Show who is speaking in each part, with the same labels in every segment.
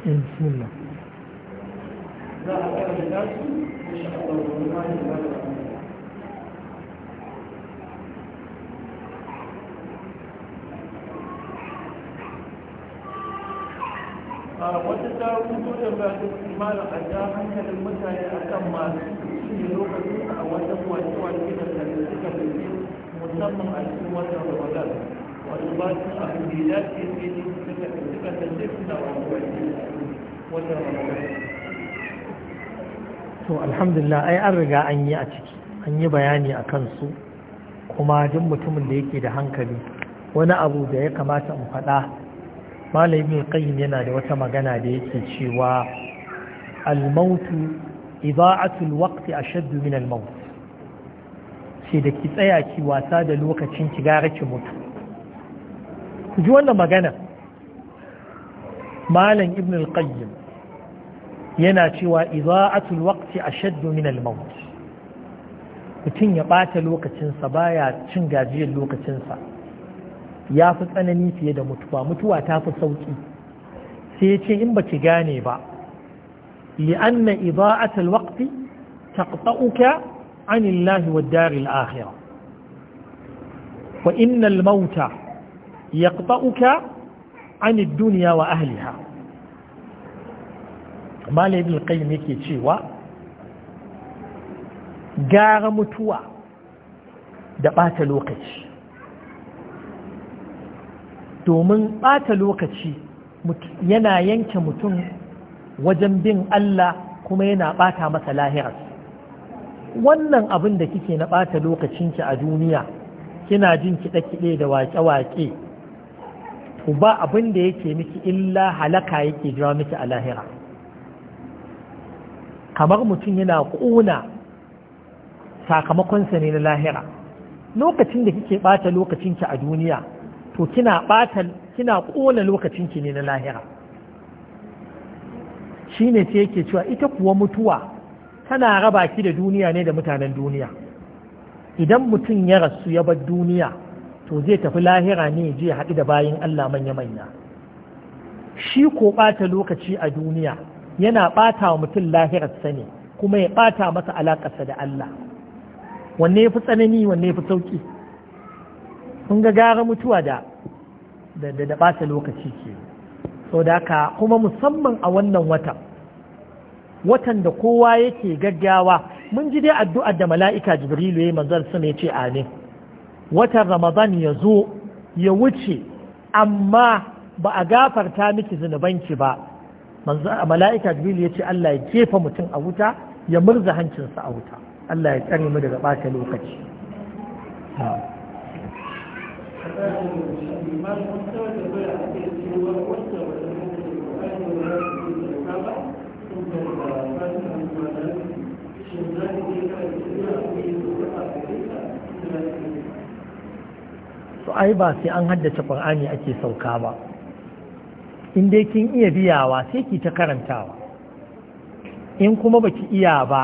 Speaker 1: بسم الله
Speaker 2: wata ta rubuto da bakin kimanin a ja hankalin mutane a kan masu shi lokaci a wata kwace-kwace da suka fi musamman a cikin watan ramadan ويباشر الدين
Speaker 1: to alhamdulillah ai an riga an yi a ciki an yi bayani a kansu kuma duk mutumin da yake da hankali wani abu da ya kamata in faɗa malamin qayyim yana da wata magana da yake cewa al-mautu ida'atu al-waqti ashaddu min al sai da ki tsaya ki wasa da lokacin ki gara ki mutu ku ji wannan magana malam ibn al-qayyim yana cewa idza'atul waqti ashaddu min al-maut mutum ya bata lokacinsa baya cin gajiyar lokacinsa ya fi tsanani fiye da mutuwa mutuwa ta fi sauki sai ce in baki gane ba li'anna idza'atul waqti taqta'uka an Allah wa daril akhirah wa innal mauta yaqta'uka an ad-dunya wa ahliha malai ibn qayyim yake cewa gara mutuwa da ɓata lokaci domin ɓata lokaci yana yanke mutum wajen bin Allah kuma yana ɓata masa lahira wannan abin da kike na ɓata lokacinki a duniya kina jin kiɗe-kiɗe da waƙe-waƙe Ku ba abin da yake miki illa halaka yake jira miki a lahira kamar mutum yana ƙuna sakamakonsa ne na lahira lokacin da kike ɓata lokacinki a duniya to kina ɓata kina ƙona lokacinki ne na lahira shi ne sai yake cewa ita kuwa mutuwa tana raba ki da duniya ne da mutanen duniya idan mutum ya rasu ya bar duniya to zai tafi lahira ne je haɗu da bayan Allah manya-manya shi ko ɓata lokaci a duniya yana ɓata wa mutum lahirarsa ne kuma ya ɓata masa alaƙarsa da Allah wanne ya fi tsanani wanne ya fi sauƙi kun ga gara mutuwa da da ɓata lokaci ke Sau da ka kuma musamman a wannan watan watan da kowa yake gaggawa mun ji dai addu'ar da mala'ika jibrilu ya yi manzar su ne ce amin watan ramadan ya zo ya wuce amma ba a gafarta miki zunubanki ba mala'ika jibril ya ce Allah ya jefa mutum a wuta ya murza hancinsa a wuta Allah ya tsare mu daga ɓata lokaci Thank you. to ai ba sai an haddace qur'ani ake sauka ba in dai kin iya biyawa sai ki ta karantawa in kuma baki iya ba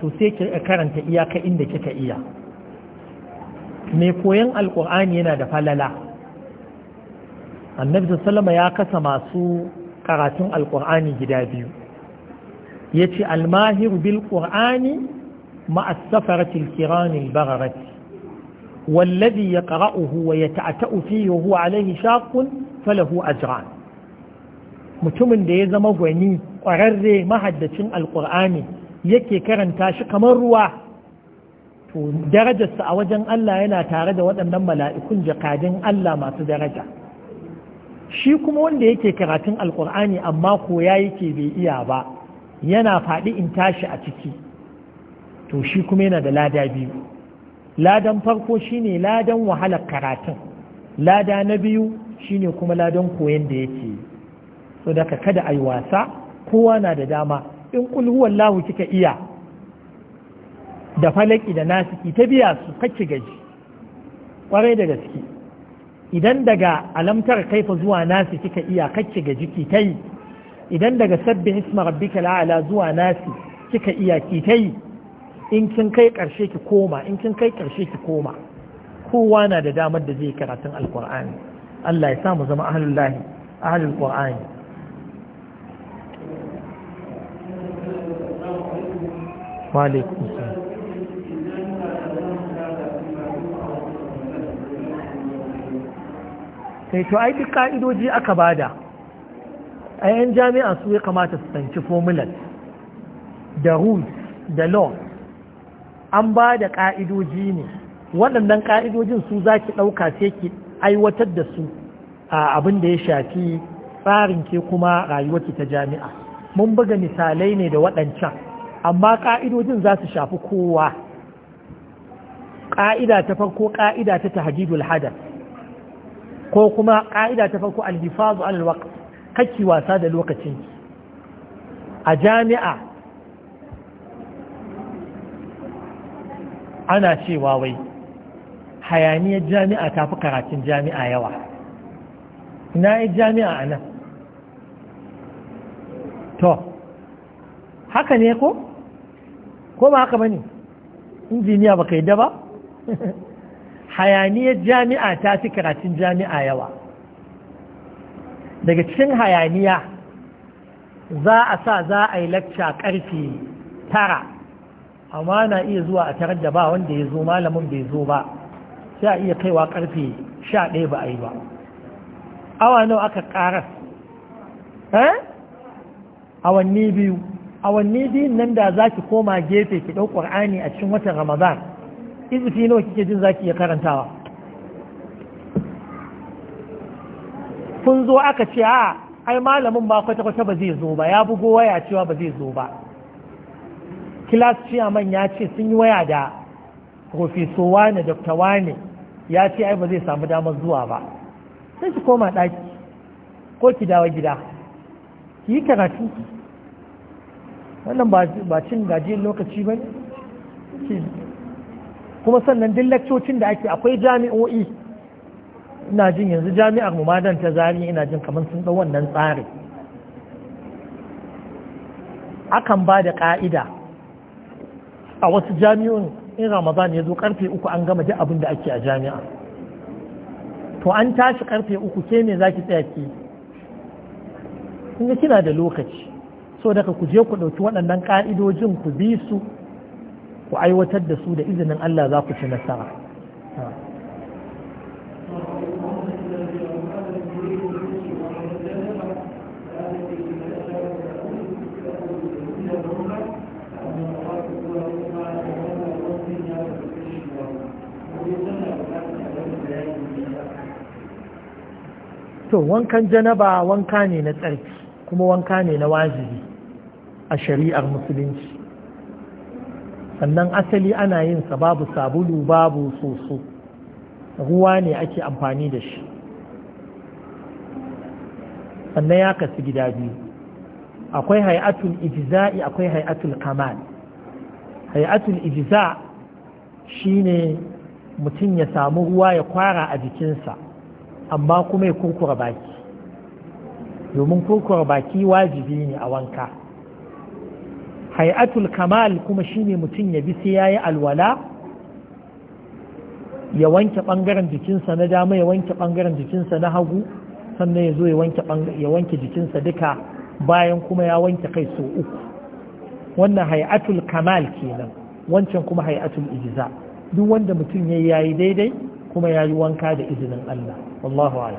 Speaker 1: to sai ki karanta iyaka inda kika iya mai koyan alkur'ani yana da falala annabi sallama ya kasa masu karatun Alƙur'ani gida biyu ya ce almahiru bil ƙur'ani ma'asafaratil kiranin bararati ya kara والذي يقرأه ويتعتأ فيه وهو shakun شاق a jira. mutumin da ya zama gwani ƙwararre mahaddacin alƙur'ani yake karanta shi kamar ruwa to darajarsa a wajen Allah yana tare da waɗannan mala'ikun jakadin Allah masu daraja shi kuma wanda yake karatun alƙur'ani amma koya yake bai iya ba yana faɗi in tashi a ciki to shi kuma yana da lada biyu ladan farko shine ladan wahalar karatun lada na biyu shine kuma ladan koyon da yake so daga kada a yi wasa kowa na da dama in kulhuwan lahu kika iya da falaki da nasiki ta biya su kacce gaji kwarai da gaske idan daga alamtar kaifa zuwa nasi kika iya kacce gaji ki ta idan daga sabbin isma rabbika la'ala zuwa nasi kika iya ki ta in kin kai karshe ki koma in kin kai karshe ki koma kowa na da damar da zai karatun alkur'ani Allah ya sa mu zama ahlul lahi ahlul qur'ani wa alaikum salam sai to ai duk ka'idoji aka bada a yan jami'a su ya kamata su tsanci formulas da rules da laws an ba da ƙa'idoji ne waɗannan ƙa'idojin su za ki ɗauka sai ki aiwatar da su a abin da ya shafi tsarin ke kuma rayuwarki ta jami'a mun buga misalai ne da waɗancan amma ƙa'idojin za su shafi kowa ƙa'ida ta farko ƙa'ida ta tahajidul hadar ko kuma ƙa'ida ta farko alhifazu alal kakki wasa da lokacin a jami'a ana cewa wai hayaniyar jami'a ta fi karatun jami'a yawa na yi jami'a a nan to haka ne ko ko ba haka ba ne injiniya ba ka yi daba hayaniyar jami'a ta fi karatun jami'a yawa daga cikin hayaniya za a sa za a yi lacca karfe tara amma na iya zuwa a tarar da ba wanda ya zo malamin bai zo ba sai a iya kaiwa karfe sha ɗaya ba a yi ba awa nawa aka karar A eh? awanni biyu awanni biyun nan da za ki koma gefe ki ɗau ƙur'ani a cikin watan ramadan izifi nawa kike jin za ki iya karantawa kun zo aka ce a ai malamin ba kwata-kwata ba zai zo ba ya bugo waya cewa ba zai zo ba class chairman ya ce sun yi waya da professor wane dr wane ya ce ai ba zai samu damar zuwa ba sai ki koma ɗaki ko ki dawo gida ki yi karatu wannan ba cin gajiyar lokaci ba ne kuma sannan duk lakcocin da ake akwai jami'o'i ina jin yanzu jami'ar mu madan ta zari ina jin kamar sun ɗau wannan tsari akan ba da ƙa'ida a wasu jami'un in ramadan ya zo karfe uku an gama duk abin da ake a jami'a to an tashi karfe uku ke ne zaki tsaya ki kun kina da lokaci so daga ku je ku ɗauki waɗannan ƙa'idojin ku bi su ku aiwatar da su da izinin Allah za ku ci nasara to wankan janaba wanka ne na tsarki kuma wanka ne na wajibi a shari'ar musulunci sannan asali ana yin sa babu sabulu babu soso ruwa ne ake amfani da shi sannan ya kasu gida biyu akwai hayatul ijza'i akwai hayatul kamal hayatul ijza shine mutum ya samu ruwa ya kwara a jikinsa amma kuma ya kurkura baki domin kurkura baki wajibi ne a wanka hay'atul kamal kuma shine mutum ya bi sai yayi alwala ya wanke bangaren jikinsa na dama ya wanke bangaren jikinsa na hagu sannan ya zo ya wanke jikinsa duka bayan kuma ya wanke kai sau uku wannan hay'atul kamal kenan wancan kuma hay'atul ijza' duk wanda mutum ya yayi daidai kuma ya yi wanka da izinin Allah wallahu